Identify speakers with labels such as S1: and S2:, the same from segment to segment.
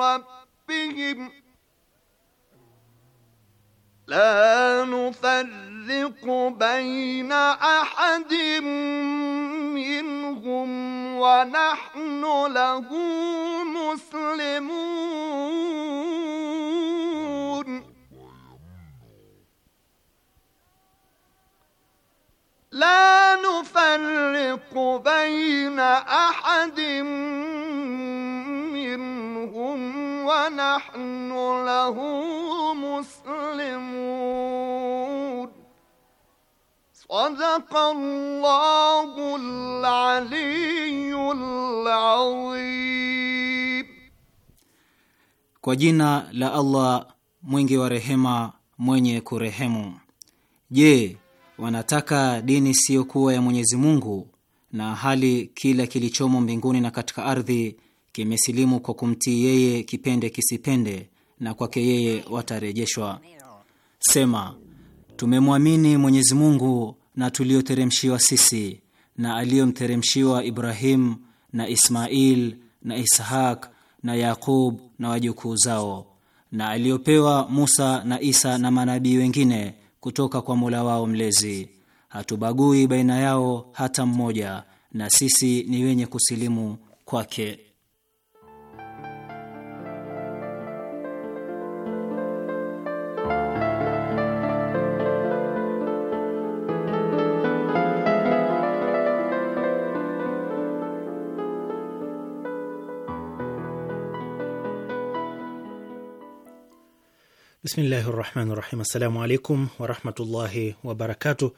S1: ربهم لا نفرق بين أحد منهم ونحن له مسلمون لا نفرق بين أحد منهم ونحن له مسلمون صدق الله العلي العظيم
S2: Kwa jina la Allah mwingi wa rehema mwenye kurehemu. Je, wanataka dini siyo kuwa ya Mwenyezi Mungu na hali kila kilichomo mbinguni na katika ardhi kimesilimu kwa kumtii yeye kipende kisipende, na kwake yeye watarejeshwa. Sema, tumemwamini Mwenyezi Mungu na tuliyoteremshiwa sisi na aliyomteremshiwa Ibrahim na Ismail na Ishaq na Yaqub na wajukuu zao na aliyopewa Musa na Isa na manabii wengine kutoka kwa Mola wao mlezi. Hatubagui baina yao hata mmoja, na sisi ni wenye kusilimu kwake. Bismillahi rahmani rahim. Assalamu alaikum warahmatullahi wabarakatu.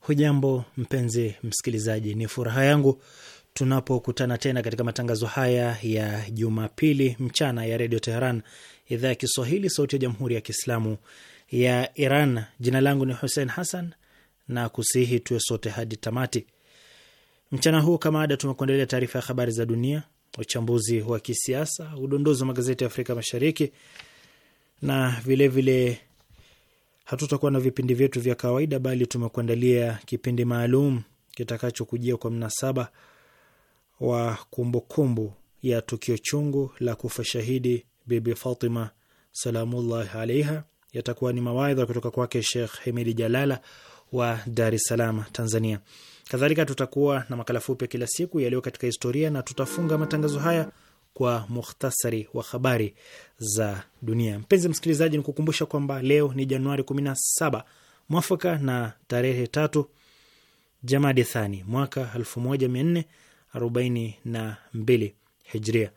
S2: Hujambo mpenzi msikilizaji, ni furaha yangu tunapokutana tena katika matangazo haya ya Jumapili mchana ya redio Teheran, idhaa ya Kiswahili, sauti ya jamhuri ya Kiislamu ya Iran. Jina langu ni Hussein Hassan na kusihi tuwe sote hadi tamati mchana huu. Kama ada, tumekuandalia taarifa ya habari za dunia, uchambuzi wa kisiasa, udondozi wa magazeti ya Afrika Mashariki, na vilevile hatutakuwa na vipindi vyetu vya kawaida, bali tumekuandalia kipindi maalum kitakachokujia kwa mnasaba wa kumbukumbu kumbu ya tukio chungu la kufa shahidi Bibi Fatima salamullahi alaiha. Yatakuwa ni mawaidha kutoka kwake Shekh Hemidi Jalala wa Dar es Salaam, Tanzania. Kadhalika tutakuwa na makala fupi ya kila siku yaliyo katika historia, na tutafunga matangazo haya kwa mukhtasari wa habari za dunia. Mpenzi msikilizaji, ni kukumbusha kwamba leo ni Januari 17 mwafaka na tarehe tatu Jamadi Thani mwaka 1442 Hijria.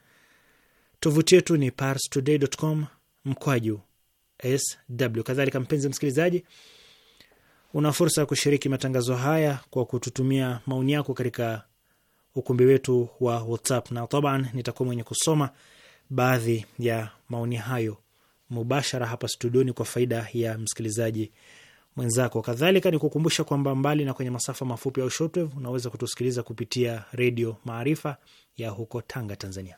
S2: Tovuti yetu ni parstoday.com mkwaju sw. Kadhalika mpenzi msikilizaji, una fursa ya kushiriki matangazo haya kwa kututumia maoni yako katika ukumbi wetu wa WhatsApp na taban nitakuwa mwenye kusoma baadhi ya maoni hayo mubashara hapa studioni kwa faida ya msikilizaji mwenzako. Kadhalika ni kukumbusha kwamba mbali na kwenye masafa mafupi au shortwave, unaweza kutusikiliza kupitia Redio Maarifa ya huko Tanga, Tanzania.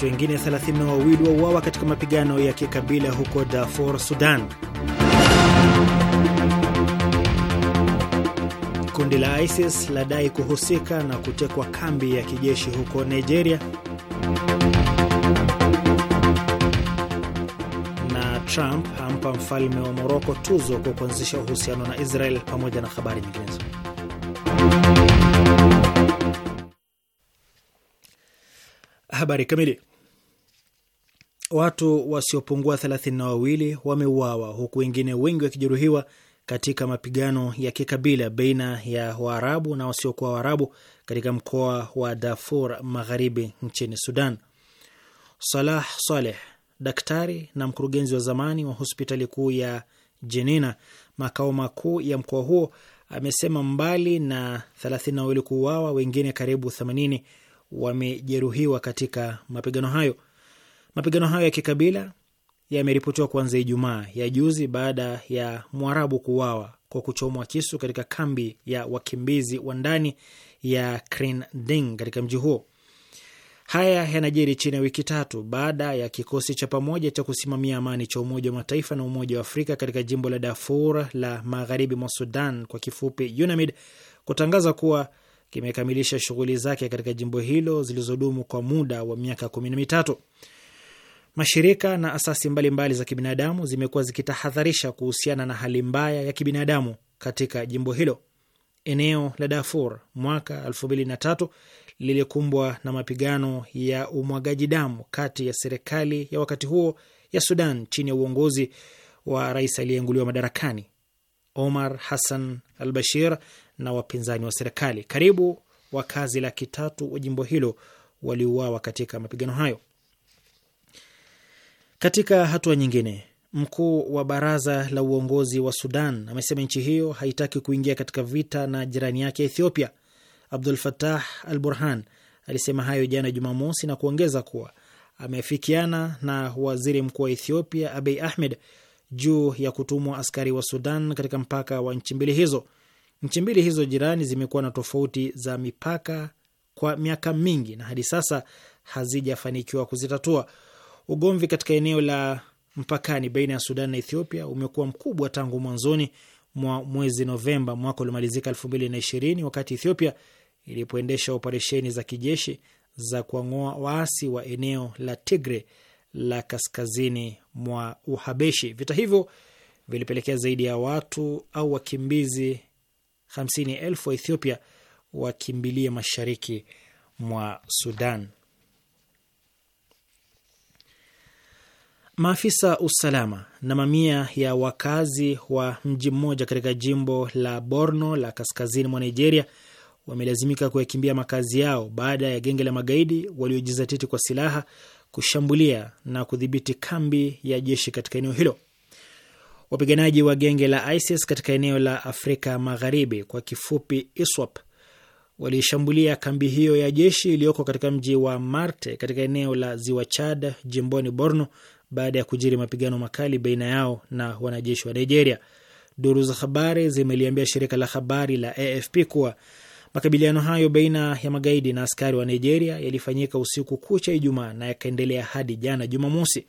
S2: Watu wengine 32 wauawa katika mapigano ya kikabila huko Darfur, Sudan. Kundi la ISIS ladai kuhusika na kutekwa kambi ya kijeshi huko Nigeria. Na Trump hampa mfalme wa Moroko tuzo kwa kuanzisha uhusiano na Israel, pamoja na habari nyinginezo. Habari kamili watu wasiopungua thelathini na wawili wameuawa huku wengine wengi wakijeruhiwa katika mapigano ya kikabila baina ya Waarabu na wasiokuwa Waarabu katika mkoa wa Darfur Magharibi nchini Sudan. Salah Saleh, daktari na mkurugenzi wa zamani wa hospitali kuu ya Jenina, makao makuu ya mkoa huo, amesema mbali na thelathini na wawili kuuawa, wengine karibu themanini wamejeruhiwa katika mapigano hayo. Mapigano hayo ya kikabila yameripotiwa kuanza Ijumaa ya juzi baada ya Mwarabu kuuawa kwa kuchomwa kisu katika kambi ya wakimbizi wa ndani ya Crinding katika mji huo. Haya yanajiri chini ya wiki tatu baada ya kikosi cha pamoja cha kusimamia amani cha Umoja wa Mataifa na Umoja wa Afrika katika jimbo la Darfur la magharibi mwa Sudan, kwa kifupi UNAMID, kutangaza kuwa kimekamilisha shughuli zake katika jimbo hilo zilizodumu kwa muda wa miaka kumi na mitatu. Mashirika na asasi mbalimbali mbali za kibinadamu zimekuwa zikitahadharisha kuhusiana na hali mbaya ya kibinadamu katika jimbo hilo. Eneo la Darfur mwaka 2003 lilikumbwa na mapigano ya umwagaji damu kati ya serikali ya wakati huo ya Sudan chini ya uongozi wa rais aliyeenguliwa madarakani Omar Hassan al Bashir na wapinzani wa serikali. Karibu wakazi laki tatu wa jimbo hilo waliuawa katika mapigano hayo. Katika hatua nyingine, mkuu wa baraza la uongozi wa Sudan amesema nchi hiyo haitaki kuingia katika vita na jirani yake Ethiopia. Abdul Fatah Al Burhan alisema hayo jana Jumamosi na kuongeza kuwa ameafikiana na waziri mkuu wa Ethiopia Abiy Ahmed juu ya kutumwa askari wa Sudan katika mpaka wa nchi mbili hizo. Nchi mbili hizo jirani zimekuwa na tofauti za mipaka kwa miaka mingi na hadi sasa hazijafanikiwa kuzitatua. Ugomvi katika eneo la mpakani baina ya Sudan na Ethiopia umekuwa mkubwa tangu mwanzoni mwa mwezi Novemba mwaka uliomalizika 2020 wakati Ethiopia ilipoendesha operesheni za kijeshi za kuang'oa waasi wa eneo la Tigre la kaskazini mwa Uhabeshi. Vita hivyo vilipelekea zaidi ya watu au wakimbizi elfu wa Ethiopia wakimbilie mashariki mwa Sudan. Maafisa usalama na mamia ya wakazi wa mji mmoja katika jimbo la Borno la kaskazini mwa Nigeria wamelazimika kuyakimbia makazi yao baada ya genge la magaidi waliojizatiti kwa silaha kushambulia na kudhibiti kambi ya jeshi katika eneo hilo. Wapiganaji wa genge la ISIS katika eneo la Afrika Magharibi, kwa kifupi ISWAP, walishambulia kambi hiyo ya jeshi iliyoko katika mji wa Marte katika eneo la Ziwa Chad jimboni Borno baada ya kujiri mapigano makali baina yao na wanajeshi wa Nigeria. Duru za habari zimeliambia shirika la habari la AFP kuwa makabiliano hayo baina ya magaidi na askari wa Nigeria yalifanyika usiku kucha Ijumaa na yakaendelea hadi jana Jumamosi.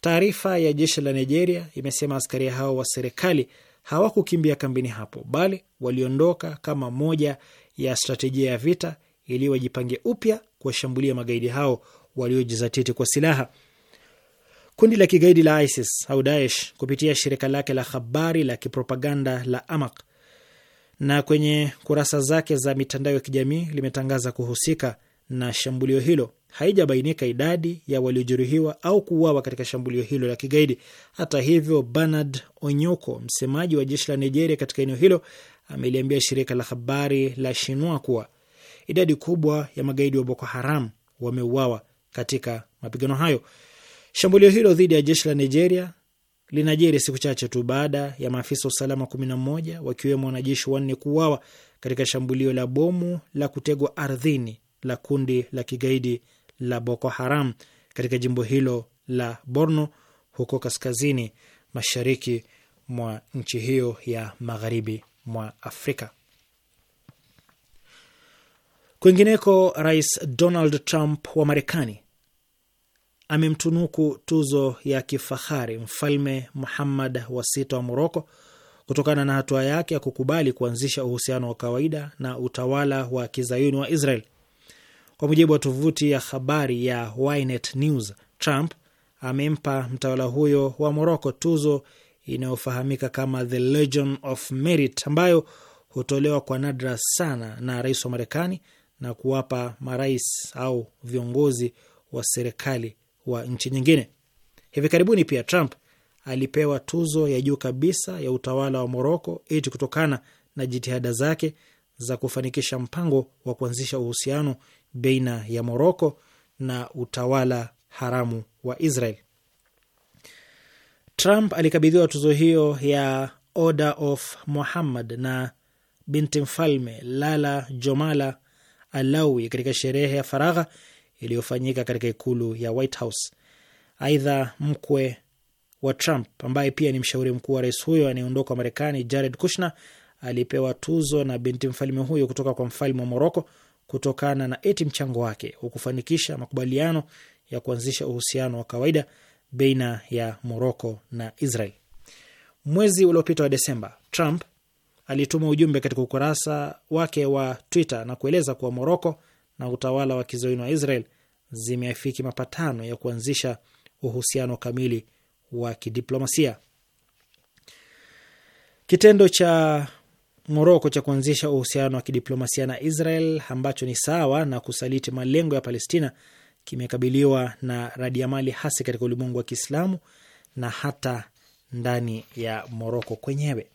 S2: Taarifa ya jeshi la Nigeria imesema askari hao wa serikali hawakukimbia kambini hapo, bali waliondoka kama moja ya strategia ya vita ili wajipange upya kuwashambulia magaidi hao waliojizatiti kwa silaha. Kundi la kigaidi la ISIS au Daesh kupitia shirika lake la habari la kipropaganda la Amaq na kwenye kurasa zake za mitandao ya kijamii limetangaza kuhusika na shambulio hilo. Haijabainika idadi ya waliojeruhiwa au kuuawa katika shambulio hilo la kigaidi. Hata hivyo, Bernard Onyoko, msemaji wa jeshi la Nigeria katika eneo hilo, ameliambia shirika la habari la Shinua kuwa idadi kubwa ya magaidi wa Boko Haram wameuawa katika mapigano hayo. Shambulio hilo dhidi ya jeshi la Nigeria linajiri siku chache tu baada ya maafisa wa usalama 11 wakiwemo wanajeshi wanne kuuawa katika shambulio la bomu la kutegwa ardhini la kundi la kigaidi la Boko Haram katika jimbo hilo la Borno huko kaskazini mashariki mwa nchi hiyo ya magharibi mwa Afrika. Kwingineko, Rais Donald Trump wa Marekani amemtunuku tuzo ya kifahari Mfalme Muhammad wa sita wa Moroko kutokana na hatua yake ya kukubali kuanzisha uhusiano wa kawaida na utawala wa kizayuni wa Israel. Kwa mujibu wa tovuti ya habari ya Ynet News, Trump amempa mtawala huyo wa Moroko tuzo inayofahamika kama the Legion of Merit ambayo hutolewa kwa nadra sana na rais wa Marekani na kuwapa marais au viongozi wa serikali wa nchi nyingine. Hivi karibuni pia Trump alipewa tuzo ya juu kabisa ya utawala wa Moroko eti kutokana na jitihada zake za kufanikisha mpango wa kuanzisha uhusiano baina ya Moroko na utawala haramu wa Israel. Trump alikabidhiwa tuzo hiyo ya Order of Muhammad na binti mfalme Lala Jomala Alawi katika sherehe ya faragha iliyofanyika katika ikulu ya White House. Aidha, mkwe wa Trump ambaye pia ni mshauri mkuu wa rais huyo anayeondoka Marekani, Jared Kushner alipewa tuzo na binti mfalme huyo kutoka kwa mfalme wa Moroko kutokana na eti mchango wake wa kufanikisha makubaliano ya kuanzisha uhusiano wa kawaida baina ya Moroko na Israel. Mwezi uliopita wa Desemba, Trump alituma ujumbe katika ukurasa wake wa Twitter na kueleza kuwa Moroko na utawala wa kizayuni wa Israel zimeafiki mapatano ya kuanzisha uhusiano kamili wa kidiplomasia. Kitendo cha Moroko cha kuanzisha uhusiano wa kidiplomasia na Israel ambacho ni sawa na kusaliti malengo ya Palestina kimekabiliwa na radiamali hasi katika ulimwengu wa Kiislamu na hata ndani ya Moroko kwenyewe.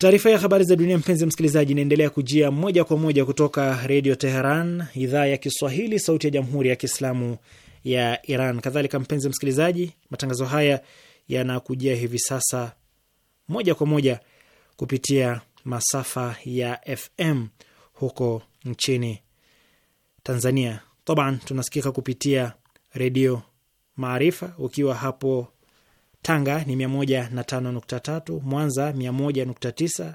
S2: Taarifa ya habari za dunia, mpenzi msikilizaji, inaendelea kujia moja kwa moja kutoka Redio Teheran, idhaa ya Kiswahili, sauti ya Jamhuri ya Kiislamu ya Iran. Kadhalika mpenzi msikilizaji, matangazo haya yanakujia hivi sasa moja kwa moja kupitia masafa ya FM huko nchini Tanzania. Taban tunasikika kupitia Redio Maarifa. Ukiwa hapo Tanga ni 105.3, Mwanza 101.9,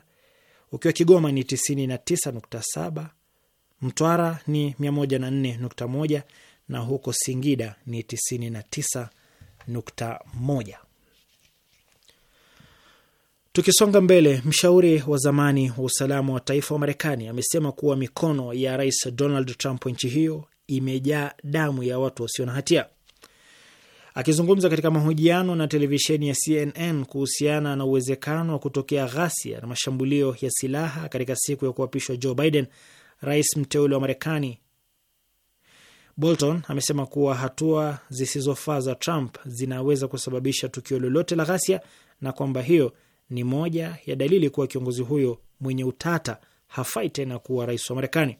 S2: ukiwa Kigoma ni 99.7, Mtwara ni 104.1 na huko Singida ni 99.1. Tukisonga mbele, mshauri wa zamani wa usalama wa taifa wa Marekani amesema kuwa mikono ya Rais Donald Trump wa nchi hiyo imejaa damu ya watu wasio na hatia. Akizungumza katika mahojiano na televisheni ya CNN kuhusiana na uwezekano wa kutokea ghasia na mashambulio ya silaha katika siku ya kuapishwa Joe Biden, rais mteule wa Marekani, Bolton amesema kuwa hatua zisizofaa za Trump zinaweza kusababisha tukio lolote la ghasia na kwamba hiyo ni moja ya dalili kuwa kiongozi huyo mwenye utata hafai tena kuwa rais wa Marekani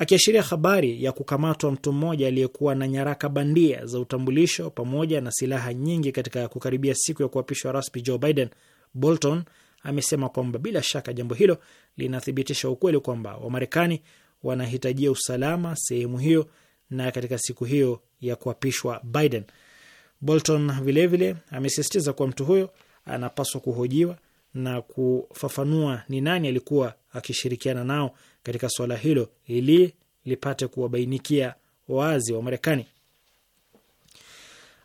S2: akiashiria habari ya kukamatwa mtu mmoja aliyekuwa na nyaraka bandia za utambulisho pamoja na silaha nyingi katika kukaribia siku ya kuapishwa rasmi Joe Biden. Bolton amesema kwamba bila shaka jambo hilo linathibitisha ukweli kwamba Wamarekani wanahitajia usalama sehemu hiyo na katika siku hiyo ya kuapishwa Biden. Bolton vilevile amesisitiza kuwa mtu huyo anapaswa kuhojiwa na kufafanua ni nani alikuwa akishirikiana nao katika suala hilo ili lipate kuwabainikia wazi wa Marekani.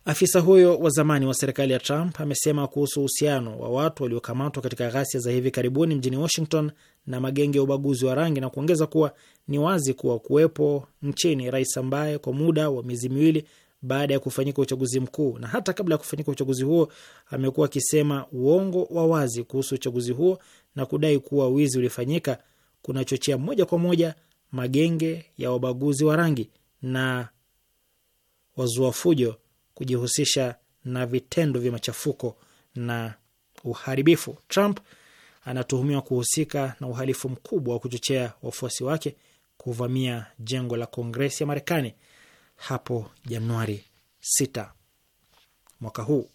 S2: Afisa huyo wa zamani wa serikali ya Trump amesema kuhusu uhusiano wa watu waliokamatwa katika ghasia za hivi karibuni mjini Washington na magenge ya ubaguzi wa rangi na kuongeza kuwa ni wazi kuwa kuwepo nchini rais ambaye kwa muda wa miezi miwili baada ya kufanyika uchaguzi mkuu na hata kabla ya kufanyika uchaguzi huo amekuwa akisema uongo wa wazi kuhusu uchaguzi huo na kudai kuwa wizi ulifanyika kunachochea moja kwa moja magenge ya wabaguzi wa rangi na wazua fujo kujihusisha na vitendo vya machafuko na uharibifu. Trump anatuhumiwa kuhusika na uhalifu mkubwa wa kuchochea wafuasi wake kuvamia jengo la Kongresi ya Marekani hapo Januari 6 mwaka huu.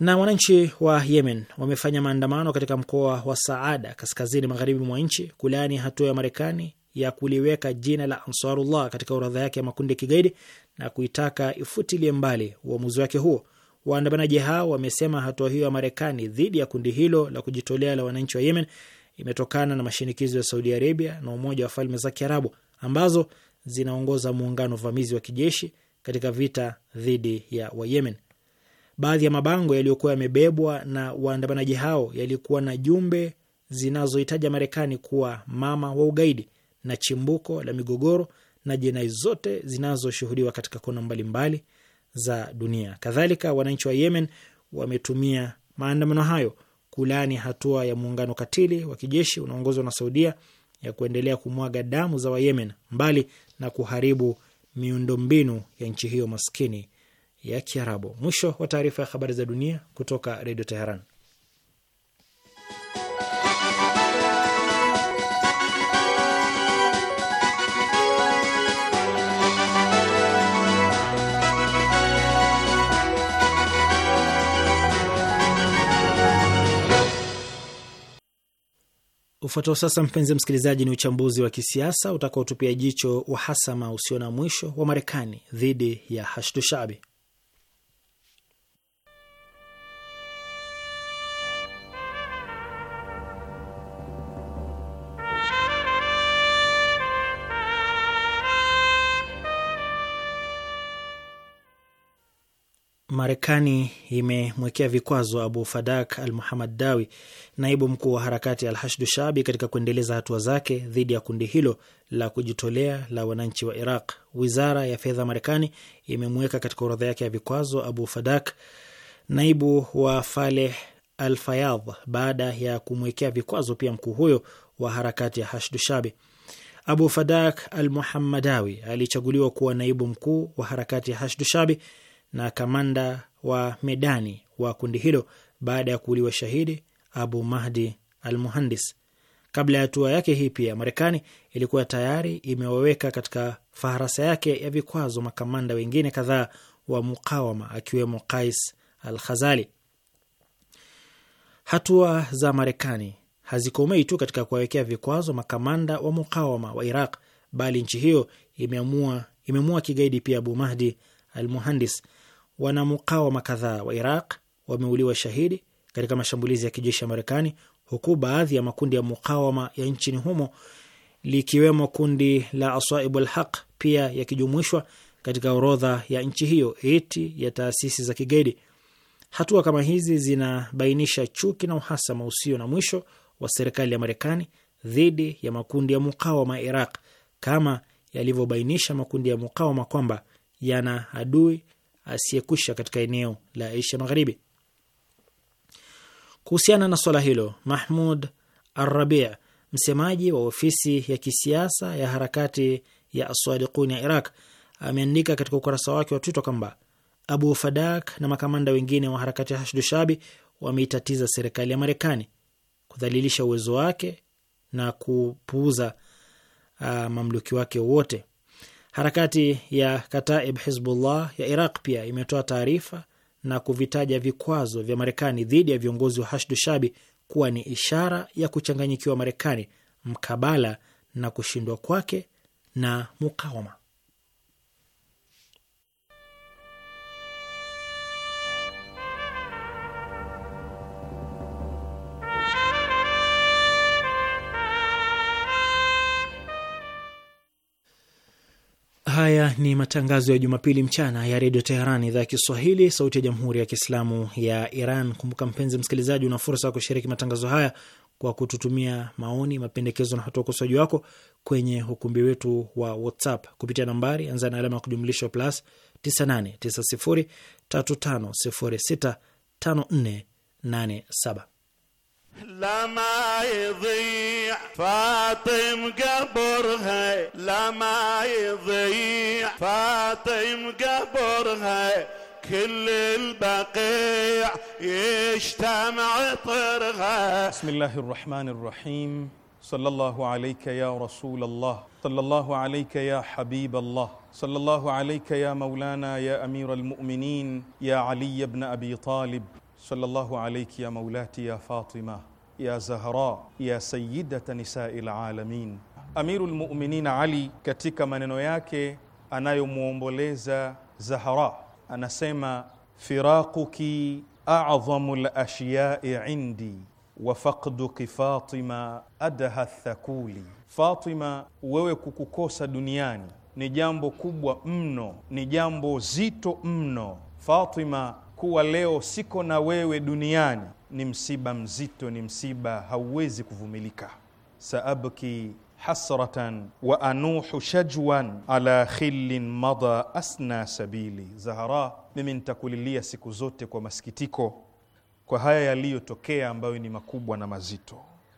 S2: Na wananchi wa Yemen wamefanya maandamano katika mkoa wa Saada kaskazini magharibi mwa nchi kulaani hatua ya Marekani ya kuliweka jina la Ansarullah katika orodha yake ya makundi ya kigaidi na kuitaka ifutilie mbali uamuzi wake huo. Waandamanaji hao wamesema hatua hiyo ya Marekani dhidi ya kundi hilo la kujitolea la wananchi wa Yemen imetokana na mashinikizo ya Saudi Arabia na Umoja wa Falme za Kiarabu ambazo zinaongoza muungano vamizi wa kijeshi katika vita dhidi ya Wayemen. Baadhi ya mabango yaliyokuwa yamebebwa na waandamanaji hao yalikuwa na jumbe zinazohitaja Marekani kuwa mama wa ugaidi na chimbuko la migogoro na jinai zote zinazoshuhudiwa katika kona mbalimbali mbali za dunia. Kadhalika, wananchi wa Yemen wametumia maandamano hayo kulaani hatua ya muungano katili wa kijeshi unaongozwa na Saudia ya kuendelea kumwaga damu za Wayemen, mbali na kuharibu miundombinu ya nchi hiyo maskini ya Kiarabu. Mwisho wa taarifa ya habari za dunia kutoka Redio Teheran. Ufuatao sasa, mpenzi msikilizaji, ni uchambuzi wa kisiasa utakaotupia jicho uhasama usio na mwisho wa Marekani dhidi ya Hashdu Shabi. Marekani imemwekea vikwazo Abu Fadak al Muhamad Dawi, naibu mkuu wa harakati al Hashdu Shabi, katika kuendeleza hatua zake dhidi ya kundi hilo la kujitolea la wananchi wa Iraq. Wizara ya fedha Marekani imemweka katika orodha yake ya vikwazo Abu Fadak, naibu wa Faleh al Fayad, baada ya kumwekea vikwazo pia mkuu huyo wa harakati ya Hashdu Shabi. Abu Fadak al Muhamadawi alichaguliwa kuwa naibu mkuu wa harakati ya Hashdu Shabi na kamanda wa medani wa kundi hilo baada ya kuuliwa shahidi Abu Mahdi al Muhandis. Kabla ya hatua yake hii, pia Marekani ilikuwa tayari imewaweka katika faharasa yake ya vikwazo makamanda wengine kadhaa wa mukawama akiwemo Kais al Khazali. Hatua za Marekani hazikomei tu katika kuwawekea vikwazo makamanda wa mukawama wa Iraq, bali nchi hiyo imeamua imemua kigaidi pia Abu Mahdi al Muhandis wanamukawama kadhaa wa Iraq wameuliwa shahidi katika mashambulizi ya kijeshi ya Marekani, huku baadhi ya makundi ya mukawama ya nchini humo likiwemo kundi la Asaibu lhaq pia yakijumuishwa katika orodha ya nchi hiyo eti ya taasisi za kigaidi. Hatua kama hizi zinabainisha chuki na uhasama usio na mwisho wa serikali ya Marekani dhidi ya makundi ya mukawama Iraq, kama yalivyobainisha makundi ya mukawama kwamba yana adui asiyekwisha katika eneo la Asia Magharibi. Kuhusiana na swala hilo, Mahmud Arrabi, msemaji wa ofisi ya kisiasa ya harakati ya Asadiqun ya Iraq, ameandika katika ukurasa wake wa Twitter kwamba Abu Fadak na makamanda wengine wa harakati ya Hashdu Shabi wameitatiza serikali ya Marekani kudhalilisha uwezo wake na kupuuza uh, mamluki wake wote. Harakati ya Kataib Hizbullah ya Iraq pia imetoa taarifa na kuvitaja vikwazo vya Marekani dhidi ya viongozi wa Hashdu Shabi kuwa ni ishara ya kuchanganyikiwa Marekani mkabala na kushindwa kwake na mukawama. Haya ni matangazo ya Jumapili mchana ya redio Teheran, idhaa ya Kiswahili, sauti ya jamhuri ya kiislamu ya Iran. Kumbuka mpenzi msikilizaji, una fursa ya kushiriki matangazo haya kwa kututumia maoni, mapendekezo na hata ukosoaji wako kwenye ukumbi wetu wa WhatsApp kupitia nambari, anza na alama ya kujumlisha plus 989035065487.
S1: لما يضيع فاطم قبرها لما يضيع
S3: فاطم قبرها كل البقيع يجتمع طرها بسم الله الرحمن الرحيم صلى الله عليك يا رسول الله صلى الله عليك يا حبيب الله صلى الله عليك يا مولانا يا امير المؤمنين يا علي بن ابي طالب sallallahu alayki ya maulati ya Fatima ya Zahra ya sayyidata nisai lalamin. Amirul Mu'minin Ali katika maneno yake anayomwomboleza Zahra anasema, firaquki a'dhamu al indi wa faqduki Fatima adha thakuli. Fatima, wewe kukukosa duniani ni jambo kubwa mno, ni jambo zito mno. Fatima kuwa leo siko na wewe duniani ni msiba mzito, ni msiba hauwezi kuvumilika. saabki hasratan wa anuhu shajwan ala khillin madha asna sabili. Zahara, mimi nitakulilia siku zote kwa masikitiko kwa haya yaliyotokea ambayo ni makubwa na mazito.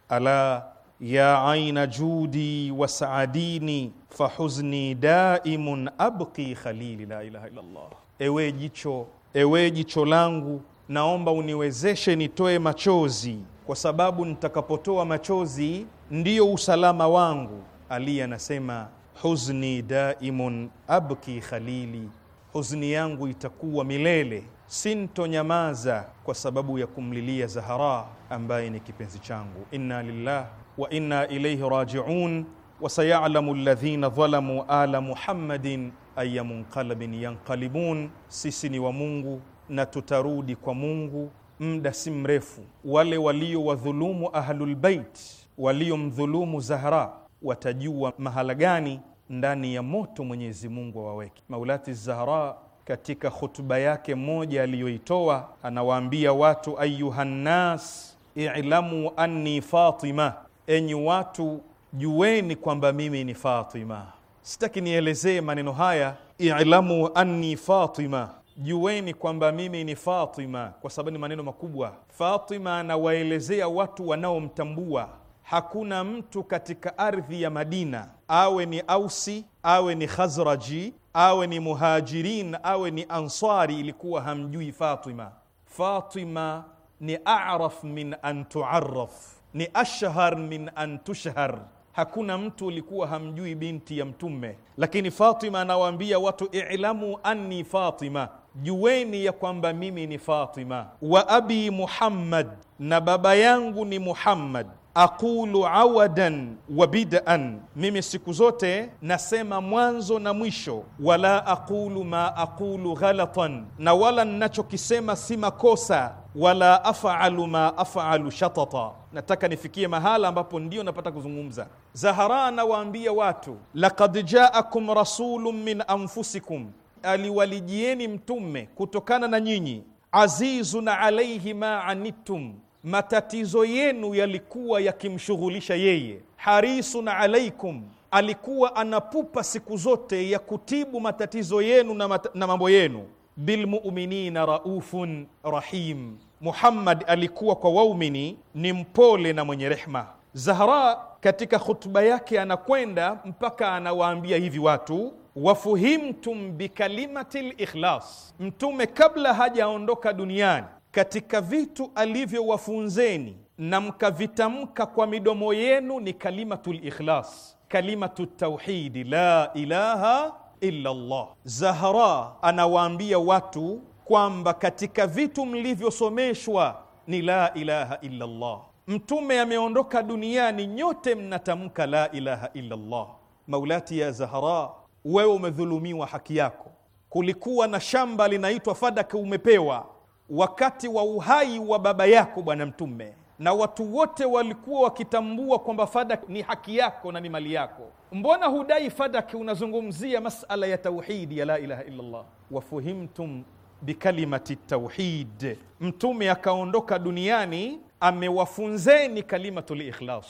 S3: ala ya aina judi wa saadini fahuzni daimun abki khalili la ilaha illallah. Ewe jicho ewe jicho langu, naomba uniwezeshe nitoe machozi, kwa sababu nitakapotoa machozi ndiyo usalama wangu. Ali anasema huzni daimun abki khalili, huzni yangu itakuwa milele, sintonyamaza kwa sababu ya kumlilia Zahara ambaye ni kipenzi changu. Inna lillah wa inna ilaihi rajiun, wa sayalamu ladhina dhalamu ala Muhammadin ayya munqalabin yanqalibun, sisi ni wa Mungu na tutarudi kwa Mungu muda si mrefu. Wale walio waliowadhulumu ahlulbeit, waliomdhulumu Zahra watajua mahala gani ndani ya moto Mwenyezi Mungu awaweke. Maulati Zahra katika khutuba yake moja aliyoitoa anawaambia watu, ayuhannas ilamu anni Fatima, enyi watu jueni kwamba mimi ni Fatima sitaki nielezee maneno haya, ilamu anni Fatima, jueni kwamba mimi ni Fatima, kwa sababu ni maneno makubwa. Fatima anawaelezea watu wanaomtambua. Hakuna mtu katika ardhi ya Madina, awe ni Ausi, awe ni Khazraji, awe ni Muhajirin, awe ni Ansari, ilikuwa hamjui Fatima. Fatima ni araf min an tuaraf, ni ashhar min an tushhar hakuna mtu ulikuwa hamjui binti ya Mtume, lakini Fatima anawaambia watu, ilamu anni Fatima, juweni ya kwamba mimi ni Fatima, wa abi Muhammad, na baba yangu ni Muhammad aqulu awadan wa bid'an, mimi siku zote nasema mwanzo na mwisho. Wala aqulu ma aqulu ghalatan, na wala nnachokisema si makosa wala afalu ma afalu shatata, nataka nifikie mahala ambapo ndio napata kuzungumza. Zahara anawaambia watu, laqad jaakum rasulun min anfusikum, aliwalijieni mtume kutokana na nyinyi, azizun alaihi ma anittum, matatizo yenu yalikuwa yakimshughulisha yeye, harisun alaikum alikuwa anapupa siku zote ya kutibu matatizo yenu na, mat na mambo yenu. Bilmuminina raufun rahim, Muhammad alikuwa kwa waumini ni mpole na mwenye rehma. Zahra katika khutba yake anakwenda mpaka anawaambia hivi watu, wafuhimtum bikalimati likhlas. Mtume kabla hajaondoka duniani, katika vitu alivyowafunzeni na mkavitamka kwa midomo yenu ni kalimatu likhlas, kalimatu tauhidi, la ilaha illa Allah. Zahra anawaambia watu kwamba katika vitu mlivyosomeshwa ni la ilaha illa Allah. Mtume ameondoka duniani, nyote mnatamka la ilaha illa Allah. Maulati ya Zahara, wewe umedhulumiwa haki yako. Kulikuwa na shamba linaitwa Fadaka, umepewa wakati wa uhai wa baba yako Bwana Mtume, na watu wote walikuwa wakitambua kwamba Fadak ni haki yako na ni mali yako. Mbona hudai Fadak? Unazungumzia masala ya tauhidi ya la ilaha illallah. Wafuhimtum bikalimati tauhid. Mtume akaondoka duniani amewafunzeni kalimatu likhlas,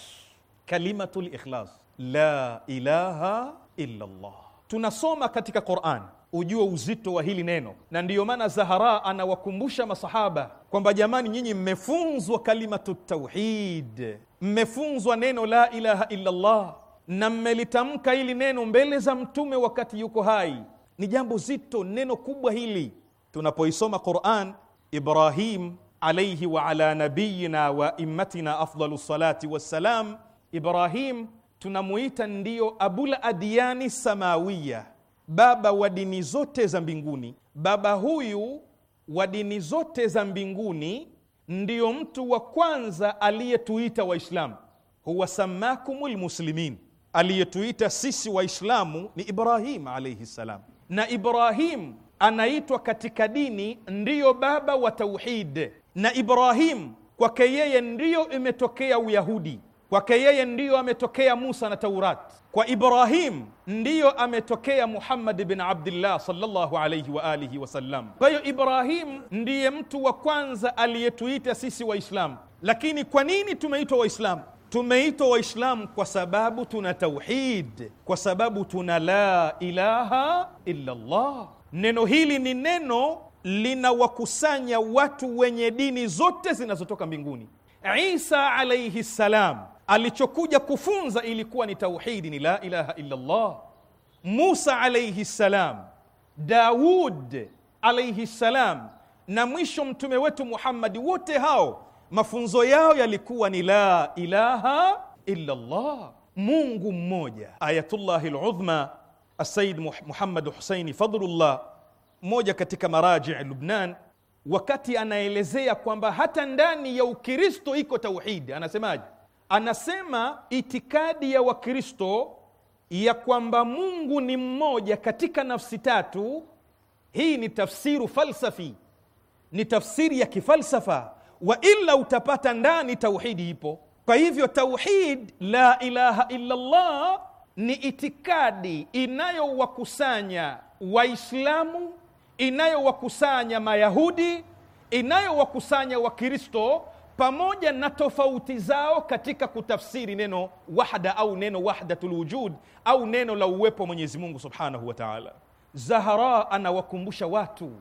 S3: kalimatu likhlas, la ilaha illallah Tunasoma katika Quran ujue uzito wa hili neno, na ndiyo maana Zahara anawakumbusha masahaba kwamba jamani, nyinyi mmefunzwa kalimatu tauhid, mmefunzwa neno la ilaha illallah na mmelitamka hili neno mbele za mtume wakati yuko hai. Ni jambo zito, neno kubwa hili tunapoisoma Qur'an Ibrahim alayhi wa ala nabiyina wa immatina afdalu salati wassalam, Ibrahim tunamuita ndiyo abul adiyani samawiya, baba wa dini zote za mbinguni. Baba huyu wa dini zote za mbinguni ndiyo mtu wa kwanza aliyetuita Waislamu, huwa samakumul lmuslimin aliyetuita sisi Waislamu ni Ibrahim alayhi ssalam Na Ibrahim anaitwa katika dini ndiyo baba wa tauhid, na Ibrahim kwake yeye ndiyo imetokea Uyahudi, kwake yeye ndiyo ametokea Musa na Taurat. Kwa Ibrahim ndiyo ametokea Muhammad bin Abdillah sallallahu alayhi wa alihi wasallam. Kwa hiyo Ibrahim ndiye mtu wa kwanza aliyetuita sisi Waislamu. Lakini kwa nini tumeitwa Waislamu? Tumeitwa Waislamu kwa sababu tuna tauhid, kwa sababu tuna la ilaha illa Allah. Neno hili ni neno linawakusanya watu wenye dini zote zinazotoka mbinguni. Isa alaihi ssalam alichokuja kufunza ilikuwa ni tauhidi, ni la ilaha illa llah. Musa alaihi ssalam, Daud alaihi ssalam na mwisho mtume wetu Muhammadi, wote hao mafunzo yao yalikuwa ni la ilaha illa llah, Mungu mmoja. Ayatullahi ludhma Asayid Muhammad Husaini Fadhlullah, mmoja katika maraji Lubnan, wakati anaelezea kwamba hata ndani ya Ukristo iko tauhidi, anasemaje? Anasema itikadi ya Wakristo ya kwamba Mungu ni mmoja katika nafsi tatu, hii ni tafsiru falsafi, ni tafsiri ya kifalsafa, wa ila utapata ndani tauhidi ipo. Kwa hivyo tauhid la ilaha illa Allah ni itikadi inayowakusanya Waislamu, inayowakusanya Mayahudi, inayowakusanya Wakristo pamoja na tofauti zao katika kutafsiri neno wahda au neno wahdatul wujud au neno la uwepo wa Mwenyezi Mungu subhanahu wa taala. Zahara anawakumbusha watu,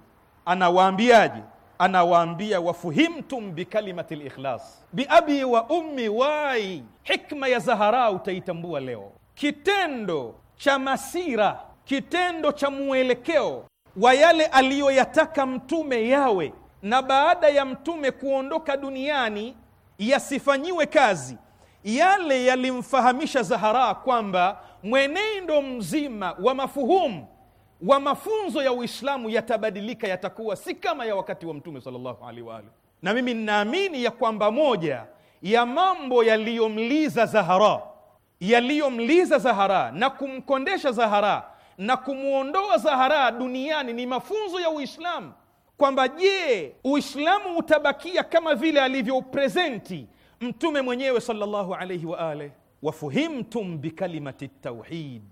S3: anawaambiaje? Anawaambia, wafuhimtum bikalimati likhlas biabi wa ummi wai. Hikma ya Zahara utaitambua leo kitendo cha masira, kitendo cha mwelekeo wa yale aliyoyataka mtume yawe, na baada ya mtume kuondoka duniani yasifanyiwe kazi. Yale yalimfahamisha Zahara kwamba mwenendo mzima wa mafuhumu wa mafunzo ya Uislamu yatabadilika, yatakuwa si kama ya wakati wa mtume sallallahu alaihi wa alihi. Na mimi ninaamini ya kwamba moja ya mambo yaliyomliza Zahara yaliyomliza Zahara na kumkondesha Zahara na kumwondoa Zahara duniani ni mafunzo ya Uislamu kwamba je, Uislamu utabakia kama vile alivyoprezenti Mtume mwenyewe sallallahu alaihi wa alihi. Wafuhimtum bikalimati tauhid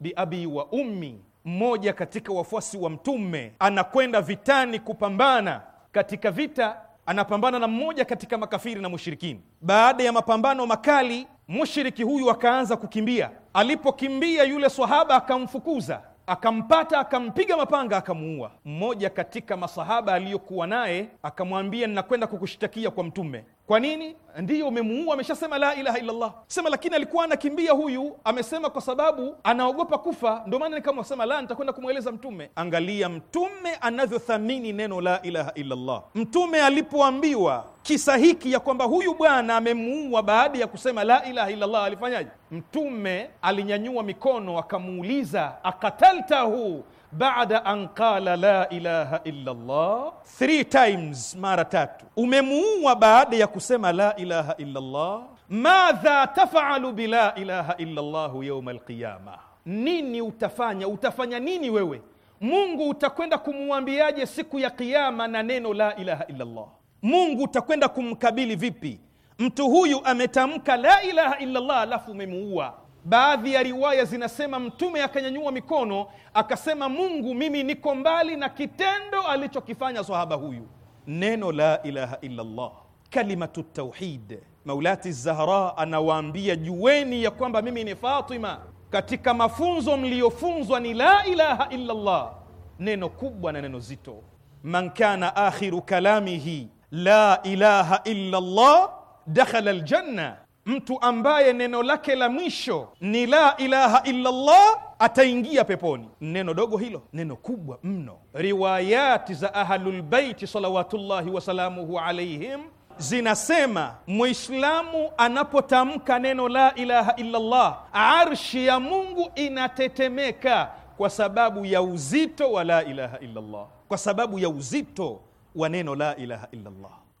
S3: biabi wa ummi. Mmoja katika wafuasi wa Mtume anakwenda vitani kupambana katika vita, anapambana na mmoja katika makafiri na mushirikini. Baada ya mapambano makali mushiriki huyu akaanza kukimbia. Alipokimbia yule swahaba akamfukuza, akampata, akampiga mapanga, akamuua. Mmoja katika masahaba aliyokuwa naye akamwambia, ninakwenda kukushtakia kwa Mtume. Kwa nini? Ndiyo, umemuua, ameshasema la ilaha illallah. Sema lakini alikuwa anakimbia huyu, amesema kwa sababu anaogopa kufa, ndio maana nikamsema la, nitakwenda kumweleza Mtume. Angalia Mtume anavyothamini neno la ilaha illallah. Mtume alipoambiwa kisa hiki ya kwamba huyu bwana amemuua baada ya kusema la ilaha illallah. Alifanyaje? Mtume alinyanyua mikono akamuuliza, akataltahu baada an qala la ilaha illallah three times, mara tatu, umemuua baada ya kusema la ilaha illallah. Madha tafalu bila la ilaha illallahu yauma alqiyama, nini utafanya? Utafanya nini wewe? Mungu utakwenda kumwambiaje siku ya Kiyama na neno la ilaha illallah? Mungu utakwenda kumkabili vipi? Mtu huyu ametamka la ilaha illallah, alafu umemuua. Baadhi ya riwaya zinasema Mtume akanyanyua mikono akasema, Mungu mimi niko mbali na kitendo alichokifanya sahaba huyu. Neno la ilaha illallah, kalimatu tauhid. Maulati Zahra anawaambia jueni ya kwamba mimi ni Fatima, katika mafunzo mliyofunzwa ni la ilaha illallah, neno kubwa na neno zito. Man kana akhiru kalamihi la ilaha illa Allah dakhala aljanna, mtu ambaye neno lake la mwisho ni la ilaha illa Allah ataingia peponi. Neno dogo hilo, neno kubwa mno. Riwayati za Ahlulbeiti salawatullahi wasalamuhu alaihim zinasema Mwislamu anapotamka neno la ilaha illallah, arshi ya Mungu inatetemeka kwa sababu ya uzito wa la ilaha illallah, kwa sababu ya uzito wa neno la ilaha illa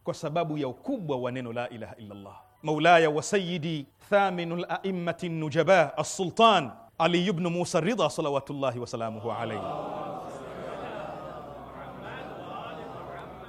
S3: kwa sababu ya ukubwa wa neno la ilaha illa Maulaya wa sayyidi thaminu laimati nujaba alsultan Ali ibn Musa Ridha salawatullahi wasalamuhu alaihi.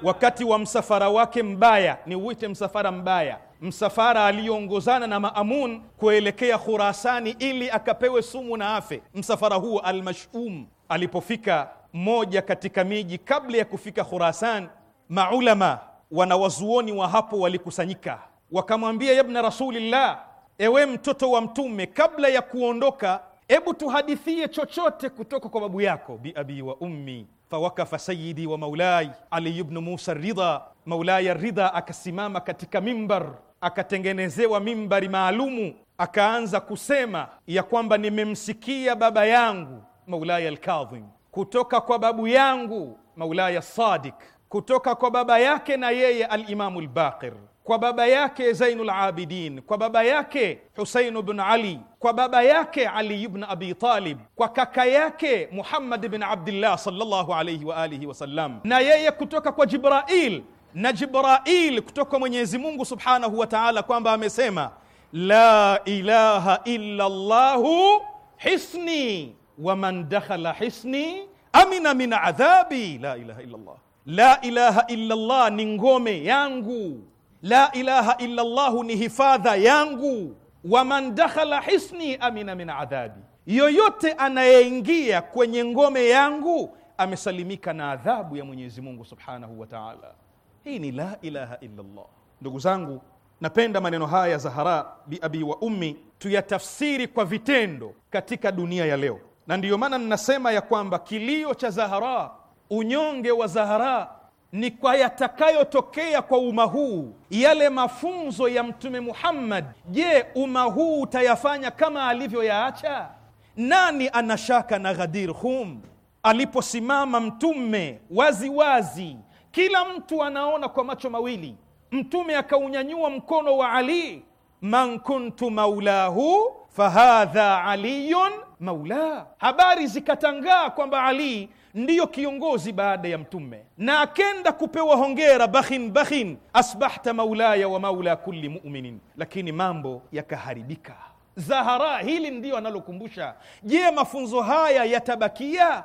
S3: Wakati wa msafara wake mbaya, ni uite msafara mbaya, msafara aliyoongozana na Maamun kuelekea Khurasani ili akapewe sumu na afe, msafara huo almashum, alipofika moja katika miji kabla ya kufika Khurasan, maulama wanawazuoni wa hapo walikusanyika, wakamwambia yabna rasulillah, ewe mtoto wa Mtume, kabla ya kuondoka, hebu tuhadithie chochote kutoka kwa babu yako, biabi wa ummi fawakafa sayidi wa maulai Ali ibn Musa Ridha. Maulaya Ridha akasimama katika mimbar, akatengenezewa mimbari maalumu, akaanza kusema ya kwamba nimemsikia baba yangu Maulaya Alkadhim kutoka kwa babu yangu Maulaya Sadik, kutoka kwa baba yake na yeye Alimamu Lbaqir, kwa baba yake Zainul labidin kwa baba yake Husainu bn Ali, kwa baba yake Ali bn Abi Talib, kwa kaka yake Muhammad bn Abdillah sallallahu alayhi wa alihi wasallam, na yeye kutoka kwa Jibrail na Jibrail kutoka kwa Mwenyezi Mungu subhanahu wa taala, kwamba amesema la ilaha illa llahu hisni waman dakhala hisni amina min adhabi la ilaha illallah la ilaha illallah ni ngome yangu la ilaha illallahu ni hifadha yangu waman dakhala hisni amina min adhabi yoyote anayeingia kwenye ngome yangu amesalimika na adhabu ya mwenyezi mungu subhanahu wa taala hii ni la ilaha illallah ndugu zangu napenda maneno haya ya zahara biabi wa ummi tuyatafsiri kwa vitendo katika dunia ya leo na ndiyo maana ninasema ya kwamba kilio cha Zahara, unyonge wa Zahara ni kwa yatakayotokea kwa umma huu, yale mafunzo ya Mtume Muhammad. Je, umma huu utayafanya kama alivyoyaacha? Nani anashaka na Ghadir Hum aliposimama Mtume waziwazi wazi, kila mtu anaona kwa macho mawili, Mtume akaunyanyua mkono wa Ali, man kuntu maulahu fahadha aliyun maula. Habari zikatangaa kwamba Ali ndiyo kiongozi baada ya Mtume, na akenda kupewa hongera, bakhin bahin asbahta maulaya wa maula kulli muminin. Lakini mambo yakaharibika. Zahara hili ndiyo analokumbusha. Je, mafunzo haya yatabakia?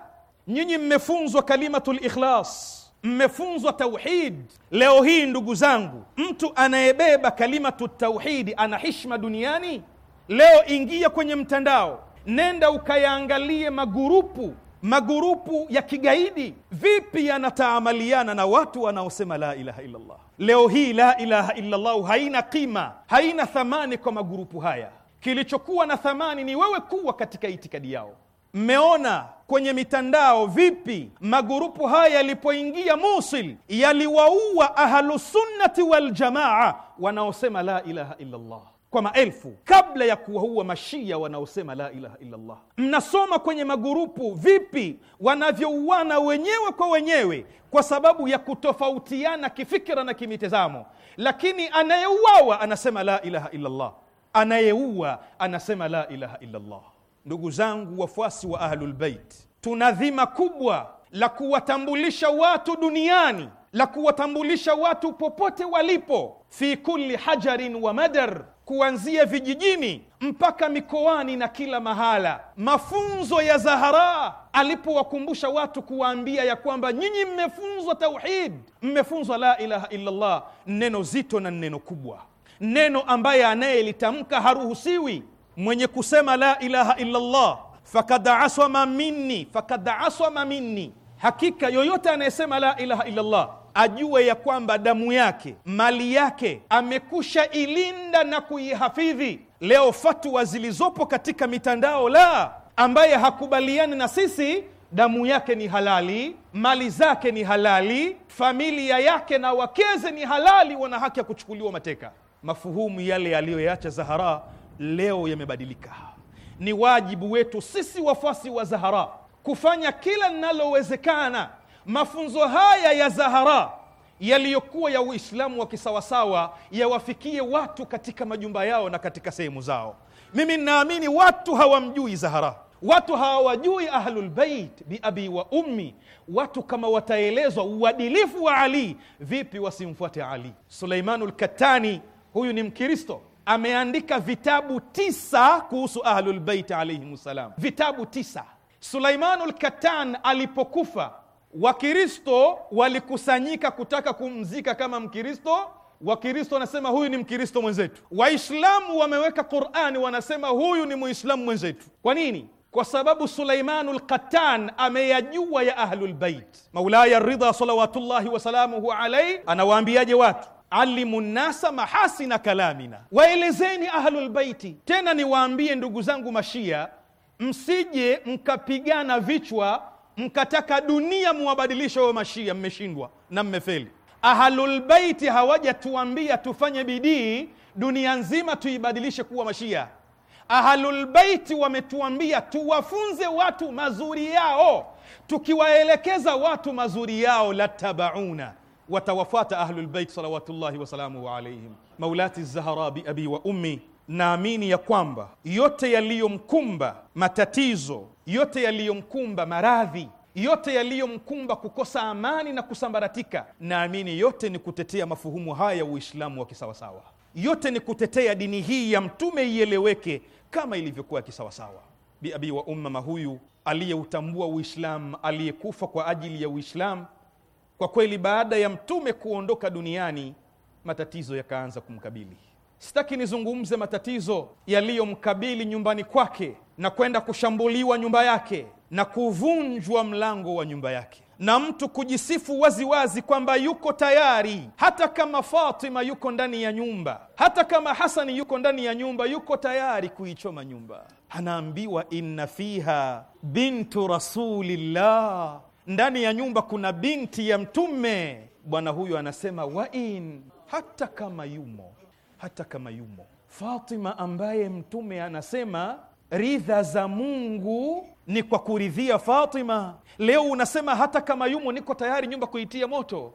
S3: Nyinyi mmefunzwa kalimatu likhlas mmefunzwa tauhid. Leo hii ndugu zangu, mtu anayebeba kalimatu tauhidi ana hishma duniani. Leo ingia kwenye mtandao, nenda ukayaangalie magurupu magurupu ya kigaidi vipi yanataamaliana na watu wanaosema la ilaha illallah. Leo hii la ilaha illallah haina qima, haina thamani kwa magurupu haya. Kilichokuwa na thamani ni wewe kuwa katika itikadi yao. Mmeona kwenye mitandao vipi magurupu haya yalipoingia Mosul yaliwaua ahlusunnati waljamaa wanaosema la ilaha illallah kwa maelfu kabla ya kuwaua mashia wanaosema la ilaha illallah. Mnasoma kwenye magurupu vipi wanavyouana wenyewe kwa wenyewe kwa sababu ya kutofautiana kifikira na kimitazamo, lakini anayeuawa anasema la ilaha illallah, anayeua anasema la ilaha illallah. Ndugu zangu wafuasi wa Ahlulbeit, tuna dhima kubwa la kuwatambulisha watu duniani la kuwatambulisha watu popote walipo, fi kulli hajarin wa madar kuanzia vijijini mpaka mikoani na kila mahala. Mafunzo ya Zahara alipowakumbusha watu kuwaambia ya kwamba nyinyi mmefunzwa tauhid, mmefunzwa la ilaha illallah, neno zito na neno kubwa, neno ambaye anayelitamka haruhusiwi. Mwenye kusema la ilaha illallah fakad aswama minni, fakad aswama minni, hakika yoyote anayesema la ilaha illallah ajue ya kwamba damu yake, mali yake amekusha ilinda na kuihafidhi. Leo fatwa zilizopo katika mitandao, la ambaye hakubaliani na sisi damu yake ni halali, mali zake ni halali, familia yake na wakeze ni halali, wana haki ya kuchukuliwa mateka. Mafuhumu yale yaliyoyaacha Zahara leo yamebadilika. Ni wajibu wetu sisi wafuasi wa Zahara kufanya kila linalowezekana mafunzo haya ya Zahara yaliyokuwa ya Uislamu wa kisawasawa yawafikie watu katika majumba yao na katika sehemu zao. Mimi ninaamini watu hawamjui Zahara, watu hawawajui Ahlulbeit biabi wa ummi. Watu kama wataelezwa uadilifu wa Ali, vipi wasimfuate Ali? Suleimanu Lkatani huyu ni Mkristo, ameandika vitabu tisa kuhusu Ahlulbeit alaihim ssalam, vitabu tisa. Suleimanu Lkatan alipokufa Wakristo walikusanyika kutaka kumzika kama Mkristo. Wakristo wanasema huyu ni Mkristo mwenzetu. Waislamu wameweka Qur'ani, wanasema huyu ni Muislamu mwenzetu. Kwa nini? Kwa sababu Sulaimanu Lqatan ameyajua ya Ahlulbait. Maulaya Ridha salawatullahi wasalamuhu alaihi anawaambiaje watu? alimu nnasa mahasina kalamina, waelezeni Ahlulbaiti. Tena niwaambie ndugu zangu Mashia, msije mkapigana vichwa mkataka dunia muwabadilisha wa mashia, mmeshindwa na mmefeli. Ahlulbeiti hawajatuambia tufanye bidii dunia nzima tuibadilishe kuwa mashia. Ahlulbeiti wametuambia tuwafunze watu mazuri yao, tukiwaelekeza watu mazuri yao la tabauna watawafuata ahlulbeiti salawatullahi wasalamuhu alaihim. Maulati Zahara biabi wa ummi, naamini ya kwamba yote yaliyomkumba matatizo yote yaliyomkumba maradhi, yote yaliyomkumba kukosa amani na kusambaratika, naamini yote ni kutetea mafuhumu haya ya Uislamu wa kisawasawa, yote ni kutetea dini hii ya Mtume ieleweke kama ilivyokuwa kisawasawa. Biabi wa ummama huyu aliyeutambua Uislamu, aliyekufa kwa ajili ya Uislamu, kwa kweli baada ya Mtume kuondoka duniani matatizo yakaanza kumkabili. Sitaki nizungumze matatizo yaliyomkabili nyumbani kwake na kwenda kushambuliwa nyumba yake na kuvunjwa mlango wa nyumba yake na mtu kujisifu waziwazi kwamba yuko tayari, hata kama Fatima yuko ndani ya nyumba, hata kama Hasani yuko ndani ya nyumba, yuko tayari kuichoma nyumba. Anaambiwa inna fiha bintu rasulillah, ndani ya nyumba kuna binti ya Mtume. Bwana huyu anasema wain, hata kama yumo hata kama yumo. Fatima ambaye Mtume anasema ridha za Mungu ni kwa kuridhia Fatima. Leo unasema hata kama yumo, niko tayari nyumba kuitia moto.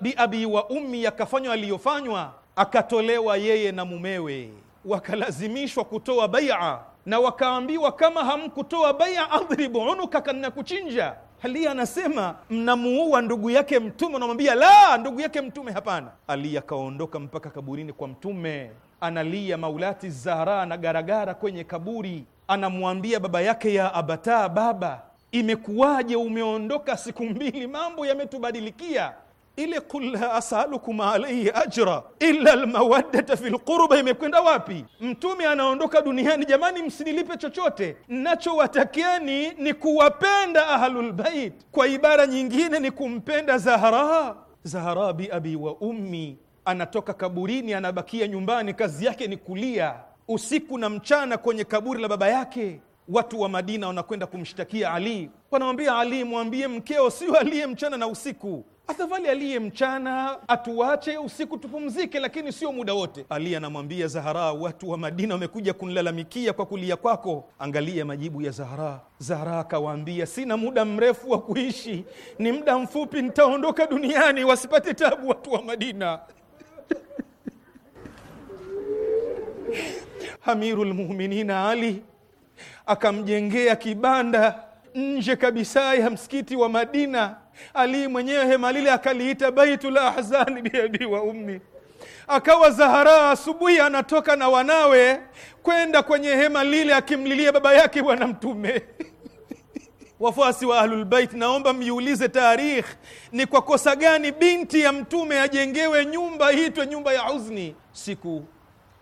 S3: Biabi wa ummi akafanywa aliyofanywa, akatolewa yeye na mumewe, wakalazimishwa kutoa baia, na wakaambiwa kama hamkutoa baia adhribu unuka, kana kuchinja ali anasema mnamuua ndugu yake Mtume, unamwambia la, ndugu yake Mtume hapana. Ali akaondoka mpaka kaburini kwa Mtume, analia Maulati Zahra na garagara kwenye kaburi, anamwambia baba yake, ya abata, baba, imekuwaje umeondoka siku mbili, mambo yametubadilikia ile kul la asalukum alaihi ajra illa lmawaddata fi lqurba imekwenda wapi? Mtume anaondoka duniani, jamani, msinilipe chochote, nachowatakieni ni kuwapenda ahlulbait. Kwa ibara nyingine ni kumpenda Zahra. Zahra bi abi wa ummi, anatoka kaburini, anabakia nyumbani, kazi yake ni kulia usiku na mchana kwenye kaburi la baba yake. Watu wa Madina wanakwenda kumshtakia Ali, wanamwambia Ali, mwambie mkeo sio aliye mchana na usiku Afadhali aliye mchana atuache usiku tupumzike, lakini sio muda wote. Ali anamwambia Zahara, watu wa Madina wamekuja kunlalamikia kwa kulia kwako. Angalia majibu ya Zahara. Zahara akawaambia, sina muda mrefu wa kuishi, ni muda mfupi, nitaondoka duniani, wasipate tabu watu wa Madina. Amirul Muminina Ali akamjengea kibanda nje kabisa ya msikiti wa Madina. Ali mwenyewe hema lile akaliita Baitul Ahzani biabi wa ummi. Akawa Zahara asubuhi anatoka na wanawe kwenda kwenye hema lile akimlilia baba yake Bwana Mtume. Wafuasi wa Ahlulbait, naomba mjiulize tarikh, ni kwa kosa gani binti ya Mtume ajengewe nyumba iitwe nyumba ya huzni siku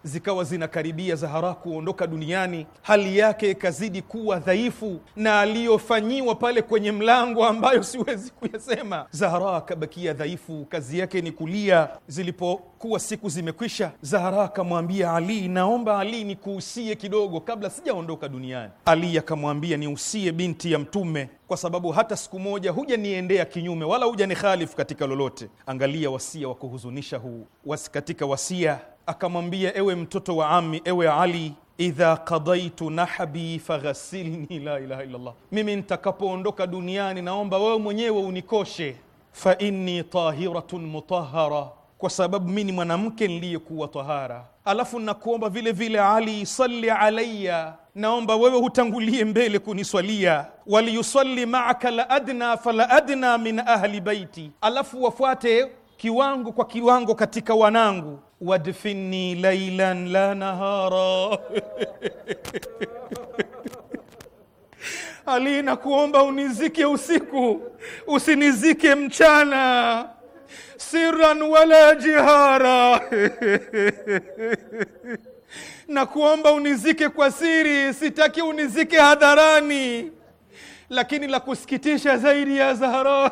S3: zikawa zinakaribia Zahara kuondoka duniani, hali yake ikazidi kuwa dhaifu, na aliyofanyiwa pale kwenye mlango ambayo siwezi kuyasema. Zahara akabakia dhaifu, kazi yake ni kulia. Zilipokuwa siku zimekwisha, Zahara akamwambia Ali, naomba Ali nikuusie kidogo kabla sijaondoka duniani. Ali akamwambia, niusie binti ya Mtume, kwa sababu hata siku moja hujaniendea kinyume wala hujanihalifu katika lolote. Angalia wasia wa kuhuzunisha huu, wasi katika wasia akamwambia, ewe mtoto wa ami, ewe Ali, idha qadaitu nahbi faghasilni. La ilaha illallah, mimi nitakapoondoka duniani naomba wewe mwenyewe unikoshe. Fa inni tahiratun mutahara, kwa sababu mi ni mwanamke niliyekuwa tahara. Alafu nakuomba vile vile, Ali, salli alaya, naomba wewe hutangulie mbele kuniswalia. Waliyusalli maaka la adna fala adna min ahli baiti, alafu wafuate kiwango kwa kiwango katika wanangu wadfinni lailan la nahara Ali, nakuomba unizike usiku, usinizike mchana, sirran wala jihara nakuomba unizike kwa siri, sitaki unizike hadharani. Lakini la kusikitisha zaidi ya Zahra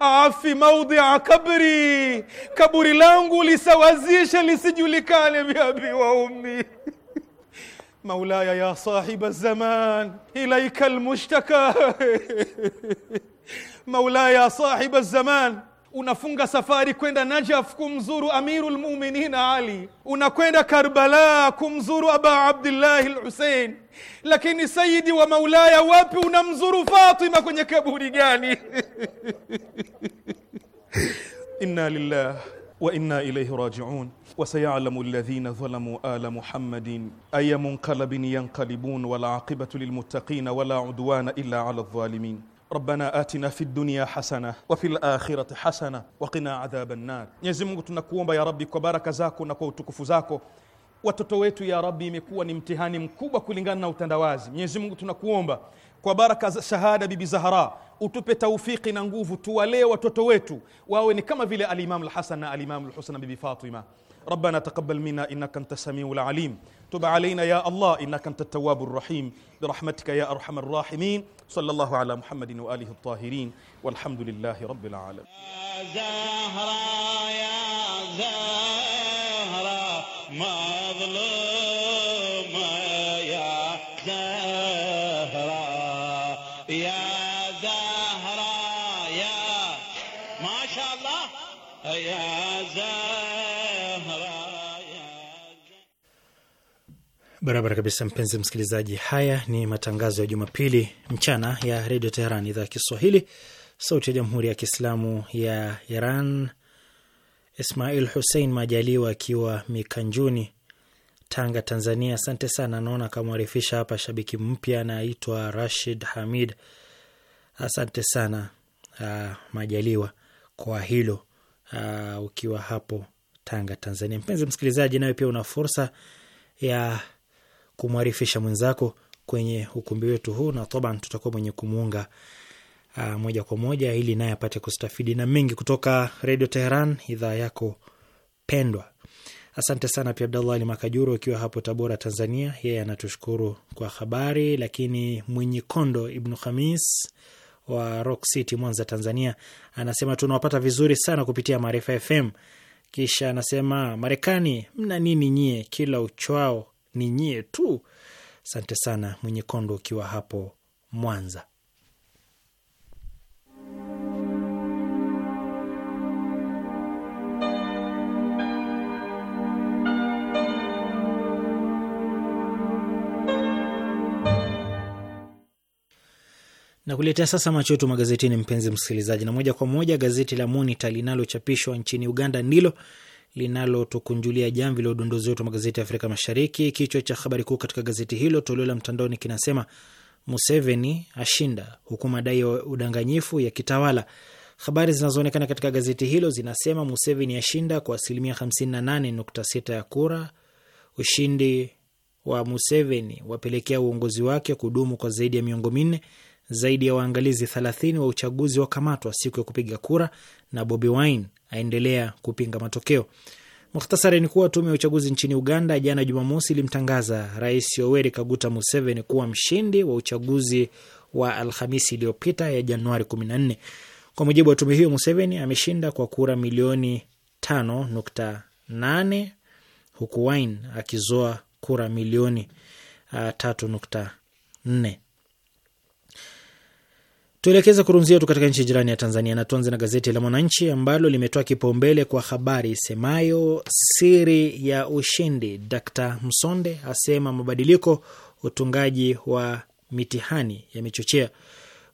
S3: afi maudhi ya kabri, kaburi langu lisawazishe lisijulikane biabi wa ummi مولاي يا صاحب الزمان اليك المشتكى maulaya ya صاحب zaman unafunga safari kwenda Najaf kumzuru Amiru lmuminin Ali, unakwenda Karbala kumzuru Aba Abdillahi Lhusein, lakini sayidi wa Maulaya wapi? Unamzuru Fatima kwenye kaburi gani? inna lillah wa inna ilaihi rajiun وسيعلم الذين ظلموا آل محمد أي منقلب ينقلبون والعاقبة للمتقين ولا عدوان إلا على الظالمين Rabbana atina fi dunya hasana wa fil akhirati hasana wa qina adhaban nar. Mwenyezi Mungu tunakuomba ya Rabbi, kwa baraka zako na kwa utukufu zako watoto wetu ya Rabbi, imekuwa ni mtihani mkubwa kulingana na utandawazi. Mwenyezi Mungu tunakuomba kwa baraka za shahada Bibi Zahara utupe taufiki na nguvu, tuwalee watoto wetu wawe ni kama vile Alimamu Lhasan na Alimamu Lhusan na Bibi Fatima. Rabbana taqabbal minna innaka anta samiul alim تب علينا يا الله إنك أنت التواب الرحيم برحمتك يا أرحم الراحمين صلى الله على محمد وآله الطاهرين والحمد لله رب العالمين
S1: يا زهرة يا زهرة
S2: Barabara kabisa, mpenzi msikilizaji. Haya ni matangazo ya Jumapili mchana ya Redio Teheran, idhaa ya Kiswahili, sauti ya Jamhuri ya Kiislamu ya Iran. Ismail Hussein Majaliwa akiwa Mikanjuni, Tanga, Tanzania. Asante sana, naona akamwarifisha hapa shabiki mpya anaitwa Rashid Hamid. Asante sana uh, Majaliwa kwa hilo uh, ukiwa hapo Tanga, Tanzania. Mpenzi msikilizaji, nawe pia una fursa ya kumwarifisha mwenzako kwenye ukumbi wetu huu, na toban tutakuwa mwenye kumuunga uh, moja kwa moja ili naye apate kustafidi na mengi kutoka Redio Teheran, idhaa yako pendwa. Asante sana pia Abdallah Ali Makajuru akiwa hapo Tabora, Tanzania. Yeye anatushukuru kwa habari, lakini Mwenye Kondo Ibnu Khamis wa Rock City, Mwanza, Tanzania, anasema tunawapata vizuri sana kupitia Maarifa FM. Kisha anasema Marekani mna nini nyie, kila uchwao ni nyie tu. Asante sana Mwenye Kondo, ukiwa hapo Mwanza. na kuletea sasa macho yetu magazetini, mpenzi msikilizaji, na moja kwa moja gazeti la Monita linalochapishwa nchini Uganda ndilo linalotukunjulia jamvi la udondozi wetu wa magazeti ya Afrika Mashariki. Kichwa cha habari kuu katika gazeti hilo toleo la mtandaoni kinasema Museveni ashinda huku madai ya udanganyifu ya kitawala. Habari zinazoonekana katika gazeti hilo zinasema Museveni ashinda kwa asilimia 58.6 ya kura. Ushindi wa Museveni wapelekea uongozi wake kudumu kwa zaidi ya miongo minne zaidi ya waangalizi 30 wa uchaguzi wakamatwa siku ya kupiga kura, na Bobi Wine aendelea kupinga matokeo. Mukhtasari ni kuwa tume ya uchaguzi nchini Uganda jana Jumamosi ilimtangaza Rais Yoweri Kaguta Museveni kuwa mshindi wa uchaguzi wa Alhamisi iliyopita ya Januari 14. Kwa mujibu wa tume hiyo, Museveni ameshinda kwa kura milioni 5.8 huku Wine akizoa kura milioni 3.4. Ah, Tuelekeze kurunzi yetu katika nchi jirani ya Tanzania na tuanze na gazeti la Mwananchi ambalo limetoa kipaumbele kwa habari isemayo siri ya ushindi, Dkt Msonde asema mabadiliko utungaji wa mitihani yamechochea,